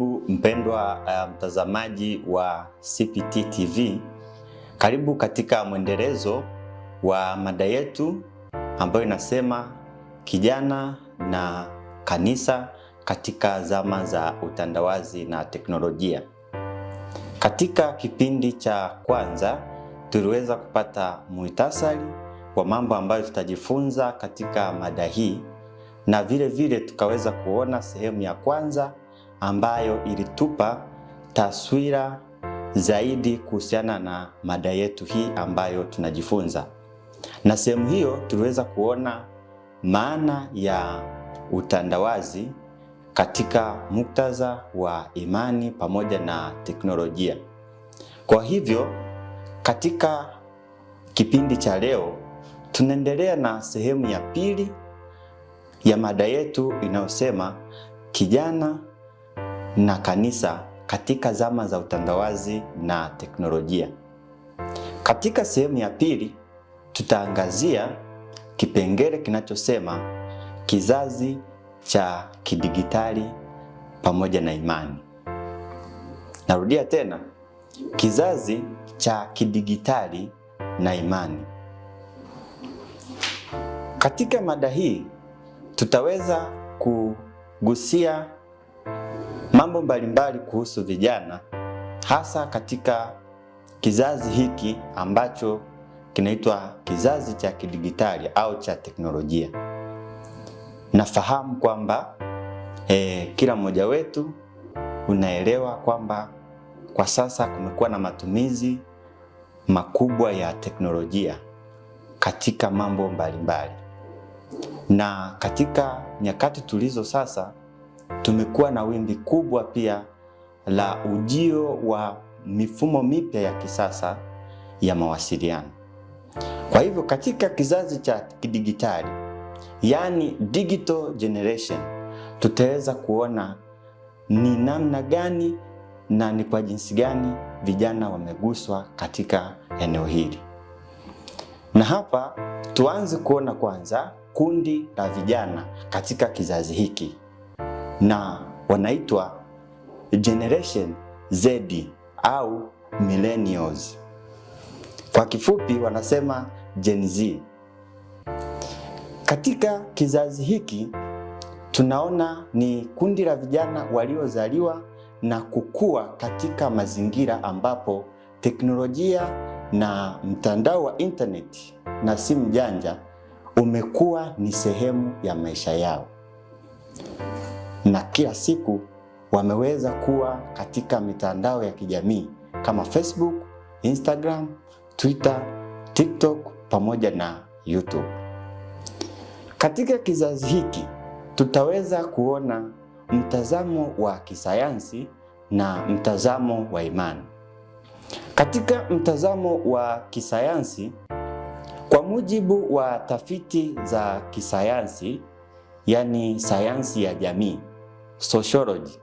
Karibu mpendwa eh, mtazamaji um, wa CPT TV. Karibu katika mwendelezo wa mada yetu ambayo inasema kijana na kanisa katika zama za utandawazi na teknolojia. Katika kipindi cha kwanza tuliweza kupata muhtasari wa mambo ambayo tutajifunza katika mada hii na vile vile tukaweza kuona sehemu ya kwanza ambayo ilitupa taswira zaidi kuhusiana na mada yetu hii ambayo tunajifunza. Na sehemu hiyo tuliweza kuona maana ya utandawazi katika muktadha wa imani pamoja na teknolojia. Kwa hivyo, katika kipindi cha leo tunaendelea na sehemu ya pili ya mada yetu inayosema kijana na kanisa katika zama za utandawazi na teknolojia. Katika sehemu ya pili tutaangazia kipengele kinachosema kizazi cha kidigitali pamoja na imani. Narudia tena, kizazi cha kidigitali na imani. Katika mada hii tutaweza kugusia mambo mbalimbali kuhusu vijana, hasa katika kizazi hiki ambacho kinaitwa kizazi cha kidigitali au cha teknolojia. Nafahamu kwamba e, kila mmoja wetu unaelewa kwamba kwa sasa kumekuwa na matumizi makubwa ya teknolojia katika mambo mbalimbali mbali. Na katika nyakati tulizo sasa tumekuwa na wimbi kubwa pia la ujio wa mifumo mipya ya kisasa ya mawasiliano. Kwa hivyo katika kizazi cha kidigitali, yani digital generation, tutaweza kuona ni namna gani na ni kwa jinsi gani vijana wameguswa katika eneo hili. Na hapa tuanze kuona kwanza kundi la vijana katika kizazi hiki na wanaitwa Generation Z au millennials. Kwa kifupi wanasema Gen Z. Katika kizazi hiki tunaona ni kundi la vijana waliozaliwa na kukua katika mazingira ambapo teknolojia na mtandao wa intaneti na simu janja umekuwa ni sehemu ya maisha yao na kila siku wameweza kuwa katika mitandao ya kijamii kama Facebook, Instagram, Twitter, TikTok pamoja na YouTube. Katika kizazi hiki tutaweza kuona mtazamo wa kisayansi na mtazamo wa imani. Katika mtazamo wa kisayansi, kwa mujibu wa tafiti za kisayansi, yani sayansi ya jamii sociology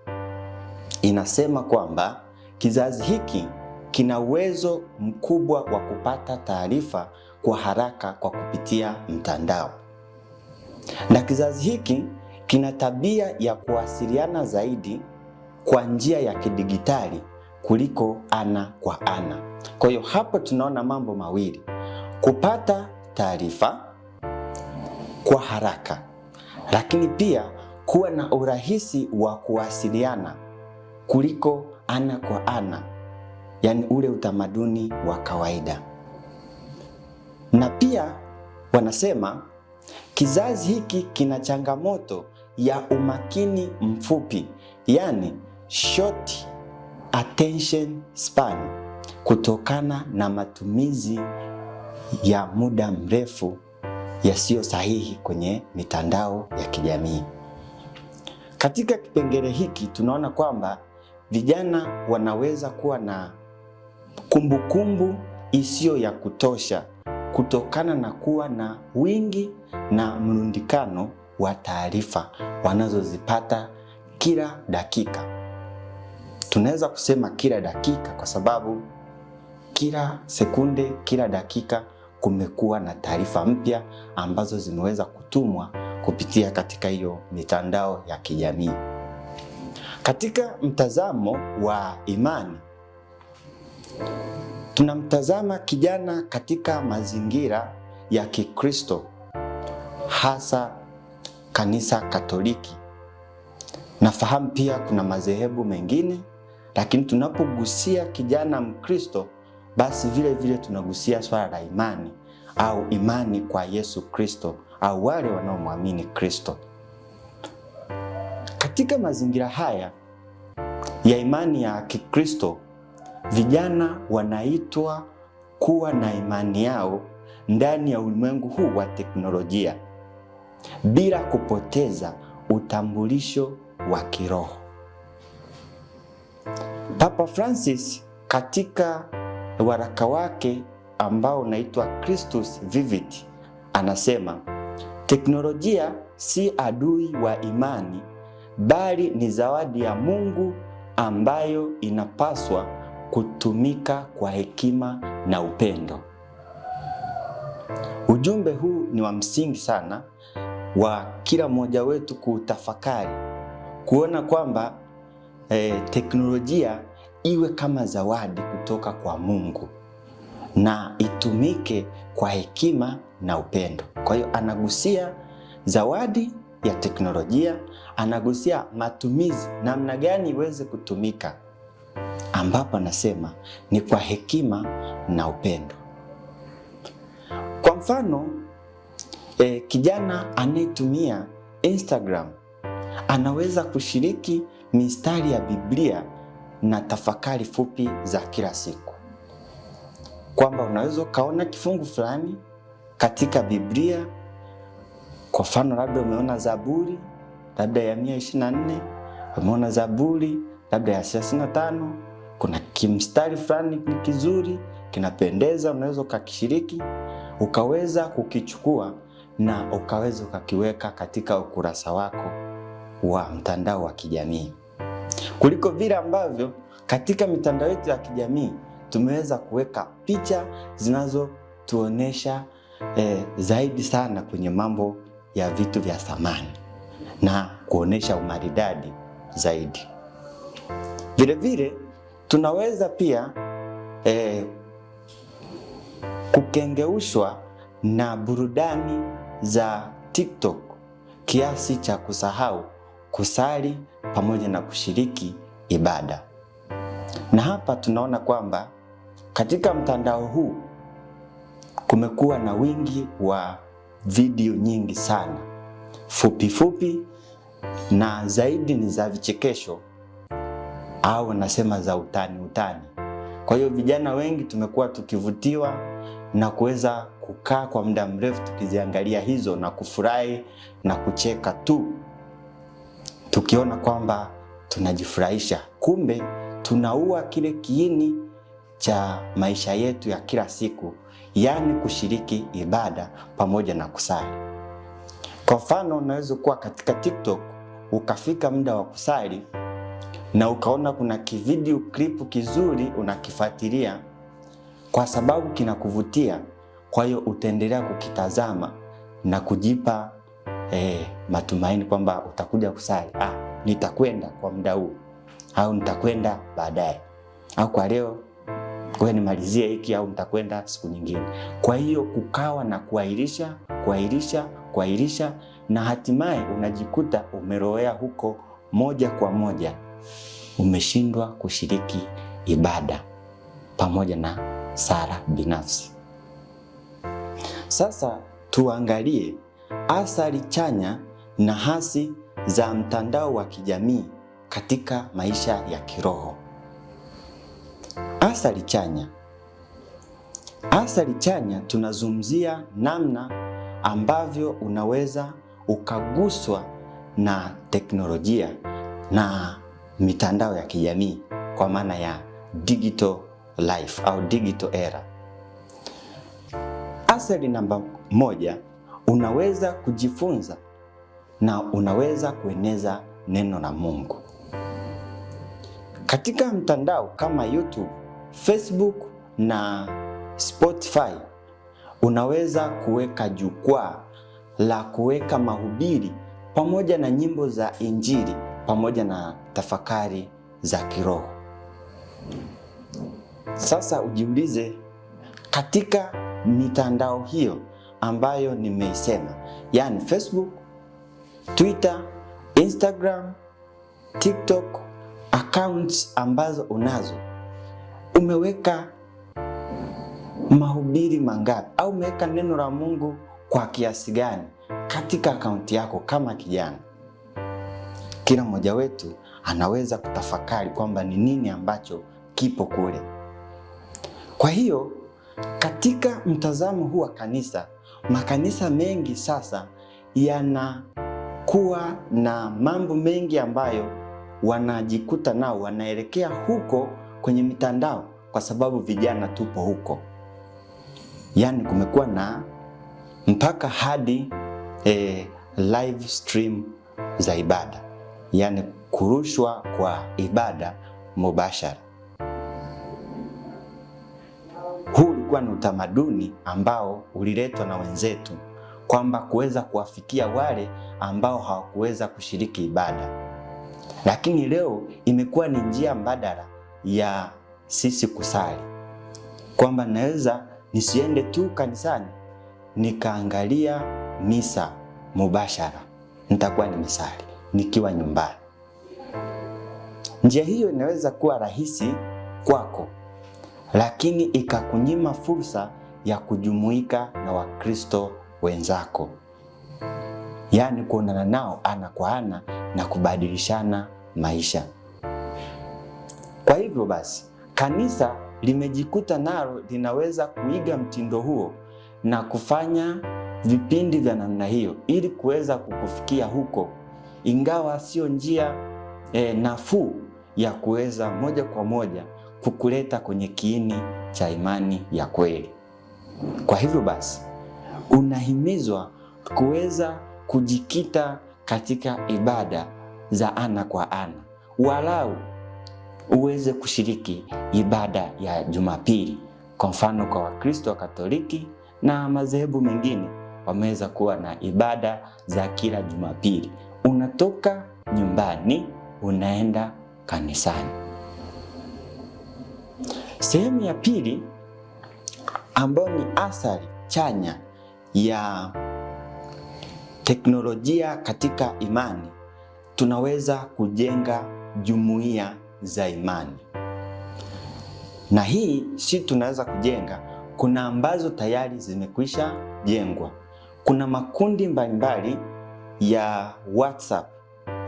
inasema kwamba kizazi hiki kina uwezo mkubwa wa kupata taarifa kwa haraka kwa kupitia mtandao, na kizazi hiki kina tabia ya kuwasiliana zaidi kwa njia ya kidigitali kuliko ana kwa ana. Kwa hiyo hapo tunaona mambo mawili: kupata taarifa kwa haraka, lakini pia kuwa na urahisi wa kuwasiliana kuliko ana kwa ana, yaani ule utamaduni wa kawaida. Na pia wanasema kizazi hiki kina changamoto ya umakini mfupi, yaani short attention span, kutokana na matumizi ya muda mrefu yasiyo sahihi kwenye mitandao ya kijamii. Katika kipengele hiki tunaona kwamba vijana wanaweza kuwa na kumbukumbu isiyo ya kutosha kutokana na kuwa na wingi na mrundikano wa taarifa wanazozipata kila dakika. Tunaweza kusema kila dakika kwa sababu kila sekunde, kila dakika kumekuwa na taarifa mpya ambazo zimeweza kutumwa kupitia katika hiyo mitandao ya kijamii. Katika mtazamo wa imani, tunamtazama kijana katika mazingira ya Kikristo, hasa kanisa Katoliki. Nafahamu pia kuna madhehebu mengine, lakini tunapogusia kijana Mkristo, basi vile vile tunagusia swala la imani au imani kwa Yesu Kristo au wale wanaomwamini Kristo. Katika mazingira haya ya imani ya Kikristo, vijana wanaitwa kuwa na imani yao ndani ya ulimwengu huu wa teknolojia bila kupoteza utambulisho wa kiroho. Papa Francis katika waraka wake ambao unaitwa Christus Vivit anasema Teknolojia si adui wa imani, bali ni zawadi ya Mungu ambayo inapaswa kutumika kwa hekima na upendo. Ujumbe huu ni wa msingi sana wa kila mmoja wetu kuutafakari, kuona kwamba eh, teknolojia iwe kama zawadi kutoka kwa Mungu na itumike kwa hekima na upendo. Kwa hiyo anagusia zawadi ya teknolojia, anagusia matumizi, namna gani iweze kutumika, ambapo anasema ni kwa hekima na upendo. Kwa mfano e, kijana anayetumia Instagram anaweza kushiriki mistari ya Biblia na tafakari fupi za kila siku, kwamba unaweza ukaona kifungu fulani katika Biblia. Kwa mfano, labda umeona Zaburi labda ya 124, umeona Zaburi labda ya 35, kuna kimstari fulani kizuri kinapendeza, unaweza ukakishiriki ukaweza kukichukua na ukaweza ukakiweka katika ukurasa wako wa mtandao wa kijamii, kuliko vile ambavyo katika mitandao yetu ya kijamii tumeweza kuweka picha zinazotuonesha eh, zaidi sana kwenye mambo ya vitu vya thamani na kuonesha umaridadi zaidi. Vilevile tunaweza pia eh, kukengeushwa na burudani za TikTok kiasi cha kusahau kusali pamoja na kushiriki ibada. Na hapa tunaona kwamba katika mtandao huu kumekuwa na wingi wa video nyingi sana fupi fupi na zaidi ni za vichekesho au nasema za utani utani. Kwa hiyo vijana wengi tumekuwa tukivutiwa na kuweza kukaa kwa muda mrefu tukiziangalia hizo na kufurahi na kucheka tu, tukiona kwamba tunajifurahisha, kumbe tunaua kile kiini cha maisha yetu ya kila siku yaani kushiriki ibada pamoja na kusali. Kwa mfano, unaweza kuwa katika TikTok ukafika muda wa kusali na ukaona kuna kivideo klipu kizuri unakifuatilia kwa sababu kinakuvutia, kwa hiyo utaendelea kukitazama na kujipa eh, matumaini kwamba utakuja kusali. Ah, nitakwenda kwa muda huu au nitakwenda baadaye au kwa leo kwa hiyo nimalizie hiki au nitakwenda siku nyingine. Kwa hiyo kukawa na kuahirisha, kuahirisha, kuahirisha na hatimaye unajikuta umerowea huko moja kwa moja, umeshindwa kushiriki ibada pamoja na sala binafsi. Sasa tuangalie athari chanya na hasi za mtandao wa kijamii katika maisha ya kiroho. Athari chanya. Athari chanya tunazungumzia namna ambavyo unaweza ukaguswa na teknolojia na mitandao ya kijamii kwa maana ya digital life au digital era. Athari namba moja, unaweza kujifunza na unaweza kueneza neno la Mungu. Katika mtandao kama YouTube, Facebook na Spotify, unaweza kuweka jukwaa la kuweka mahubiri pamoja na nyimbo za Injili pamoja na tafakari za kiroho. Sasa ujiulize, katika mitandao hiyo ambayo nimeisema, yaani Facebook, Twitter, Instagram, TikTok account ambazo unazo umeweka mahubiri mangapi au umeweka neno la Mungu kwa kiasi gani katika akaunti yako kama kijana. Kila mmoja wetu anaweza kutafakari kwamba ni nini ambacho kipo kule. Kwa hiyo katika mtazamo huu wa kanisa, makanisa mengi sasa yanakuwa na mambo mengi ambayo wanajikuta nao wanaelekea huko kwenye mitandao, kwa sababu vijana tupo huko. Yaani kumekuwa na mpaka hadi e, live stream za ibada, yaani kurushwa kwa ibada mubashara. Huu ulikuwa ni utamaduni ambao uliletwa na wenzetu kwamba kuweza kuwafikia wale ambao hawakuweza kushiriki ibada. Lakini leo imekuwa ni njia mbadala ya sisi kusali, kwamba naweza nisiende tu kanisani nikaangalia misa mubashara, nitakuwa nimesali nikiwa nyumbani. Njia hiyo inaweza kuwa rahisi kwako, lakini ikakunyima fursa ya kujumuika na Wakristo wenzako yaani kuonana nao ana kwa ana na kubadilishana maisha. Kwa hivyo basi, kanisa limejikuta nalo linaweza kuiga mtindo huo na kufanya vipindi vya namna hiyo ili kuweza kukufikia huko, ingawa sio njia e, nafuu ya kuweza moja kwa moja kukuleta kwenye kiini cha imani ya kweli. Kwa hivyo basi, unahimizwa kuweza kujikita katika ibada za ana kwa ana, walau uweze kushiriki ibada ya Jumapili. Kwa mfano, kwa Wakristo wa Katoliki na madhehebu mengine wameweza kuwa na ibada za kila Jumapili. Unatoka nyumbani unaenda kanisani. Sehemu ya pili ambayo ni athari chanya ya teknolojia katika imani, tunaweza kujenga jumuiya za imani, na hii si tunaweza kujenga, kuna ambazo tayari zimekwisha jengwa. Kuna makundi mbalimbali ya WhatsApp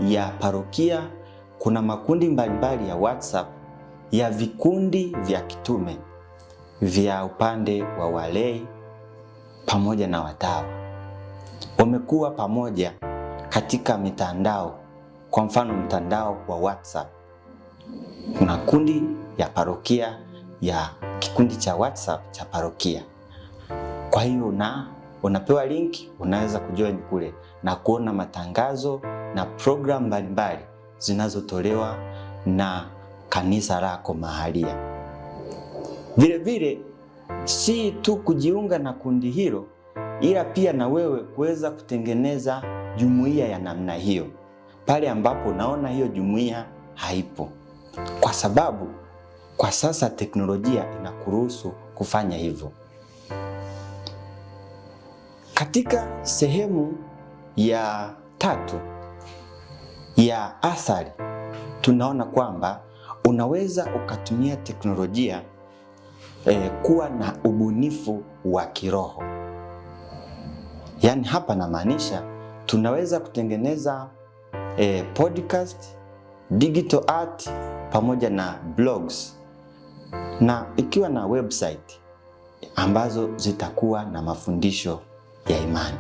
ya parokia, kuna makundi mbalimbali ya WhatsApp ya vikundi vya kitume vya upande wa walei pamoja na watawa tumekuwa pamoja katika mitandao, kwa mfano mtandao wa WhatsApp. Kuna kundi ya parokia ya kikundi cha WhatsApp cha parokia. Kwa hiyo na unapewa linki, unaweza kujoin kule na kuona matangazo na programu mbalimbali zinazotolewa na kanisa lako mahalia. Vilevile si tu kujiunga na kundi hilo ila pia na wewe kuweza kutengeneza jumuiya ya namna hiyo pale ambapo unaona hiyo jumuiya haipo, kwa sababu kwa sasa teknolojia inakuruhusu kufanya hivyo. Katika sehemu ya tatu ya athari, tunaona kwamba unaweza ukatumia teknolojia eh, kuwa na ubunifu wa kiroho. Yaani hapa namaanisha tunaweza kutengeneza eh, podcast, digital art pamoja na blogs na ikiwa na website ambazo zitakuwa na mafundisho ya imani.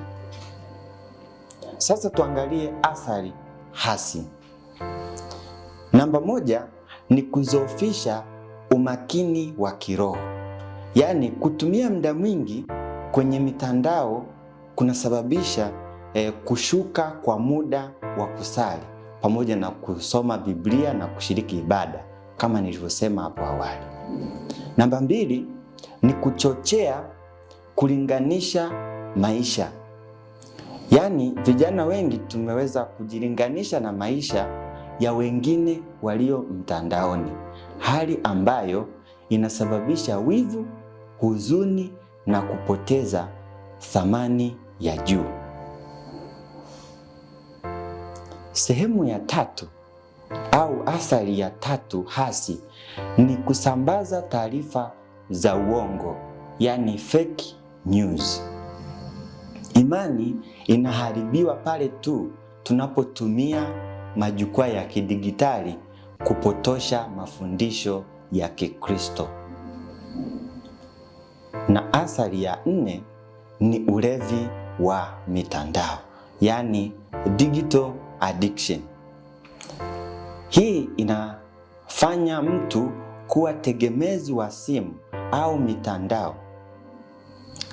Sasa tuangalie athari hasi. Namba moja ni kuzoofisha umakini wa kiroho, yaani kutumia muda mwingi kwenye mitandao kunasababisha eh, kushuka kwa muda wa kusali pamoja na kusoma Biblia na kushiriki ibada kama nilivyosema hapo awali. Namba mbili ni kuchochea kulinganisha maisha, yaani vijana wengi tumeweza kujilinganisha na maisha ya wengine walio mtandaoni, hali ambayo inasababisha wivu, huzuni na kupoteza thamani ya juu. Sehemu ya tatu au athari ya tatu hasi ni kusambaza taarifa za uongo, yani fake news. Imani inaharibiwa pale tu tunapotumia majukwaa ya kidigitali kupotosha mafundisho ya Kikristo. Na athari ya nne ni ulevi wa mitandao, yaani digital addiction. Hii inafanya mtu kuwa tegemezi wa simu au mitandao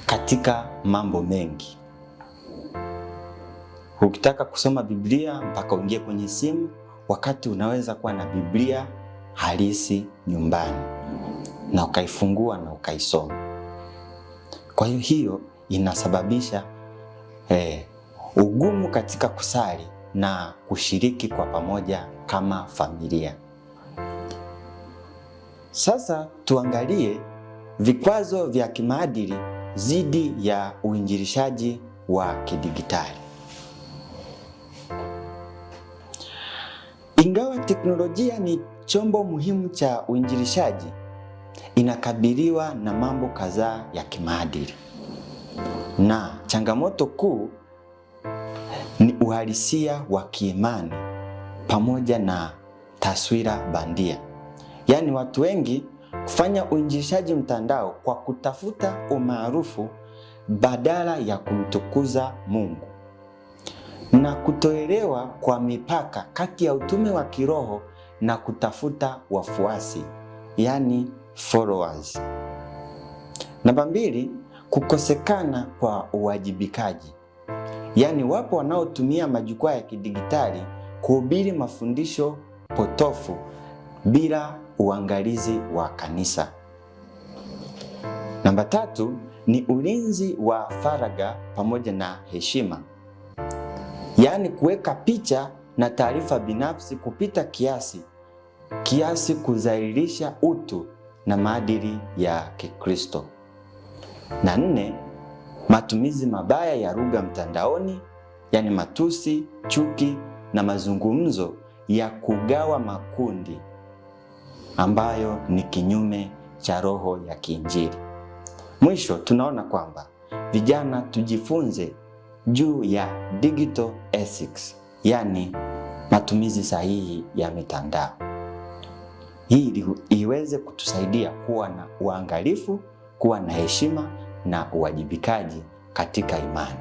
katika mambo mengi. Ukitaka kusoma Biblia mpaka uingie kwenye simu, wakati unaweza kuwa na Biblia halisi nyumbani na ukaifungua na ukaisoma. Kwa hiyo hiyo inasababisha eh, ugumu katika kusali na kushiriki kwa pamoja kama familia. Sasa tuangalie vikwazo vya kimaadili dhidi ya uinjilishaji wa kidigitali. Ingawa teknolojia ni chombo muhimu cha uinjilishaji, inakabiliwa na mambo kadhaa ya kimaadili na changamoto kuu ni uhalisia wa kiimani pamoja na taswira bandia. Yaani watu wengi kufanya uinjilishaji mtandao kwa kutafuta umaarufu badala ya kumtukuza Mungu, na kutoelewa kwa mipaka kati ya utume wa kiroho na kutafuta wafuasi, yaani followers. Namba mbili, Kukosekana kwa uwajibikaji, yaani wapo wanaotumia majukwaa ya kidigitali kuhubiri mafundisho potofu bila uangalizi wa kanisa. Namba tatu ni ulinzi wa faragha pamoja na heshima, yaani kuweka picha na taarifa binafsi kupita kiasi, kiasi kudhalilisha utu na maadili ya Kikristo. Na nne, matumizi mabaya ya lugha mtandaoni, yaani matusi, chuki na mazungumzo ya kugawa makundi ambayo ni kinyume cha roho ya kiinjili. Mwisho tunaona kwamba vijana tujifunze juu ya digital ethics, yaani matumizi sahihi ya mitandao, hii iweze kutusaidia kuwa na uangalifu kuwa na heshima na uwajibikaji katika imani.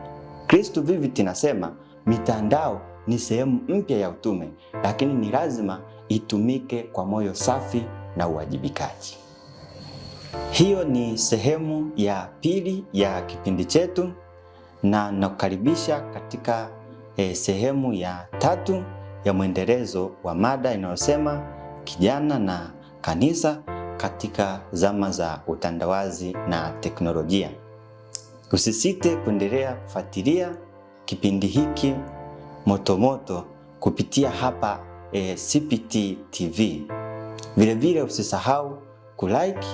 Kristo Vivit inasema mitandao ni sehemu mpya ya utume, lakini ni lazima itumike kwa moyo safi na uwajibikaji. Hiyo ni sehemu ya pili ya kipindi chetu na nakukaribisha katika eh, sehemu ya tatu ya mwendelezo wa mada inayosema kijana na kanisa katika zama za utandawazi na teknolojia. Usisite kuendelea kufuatilia kipindi hiki motomoto kupitia hapa e, CPT TV. Vilevile usisahau kulike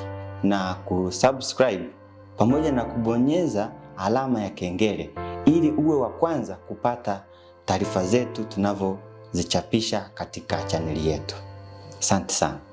na kusubscribe pamoja na kubonyeza alama ya kengele ili uwe wa kwanza kupata taarifa zetu tunavyozichapisha katika chaneli yetu. Asante sana.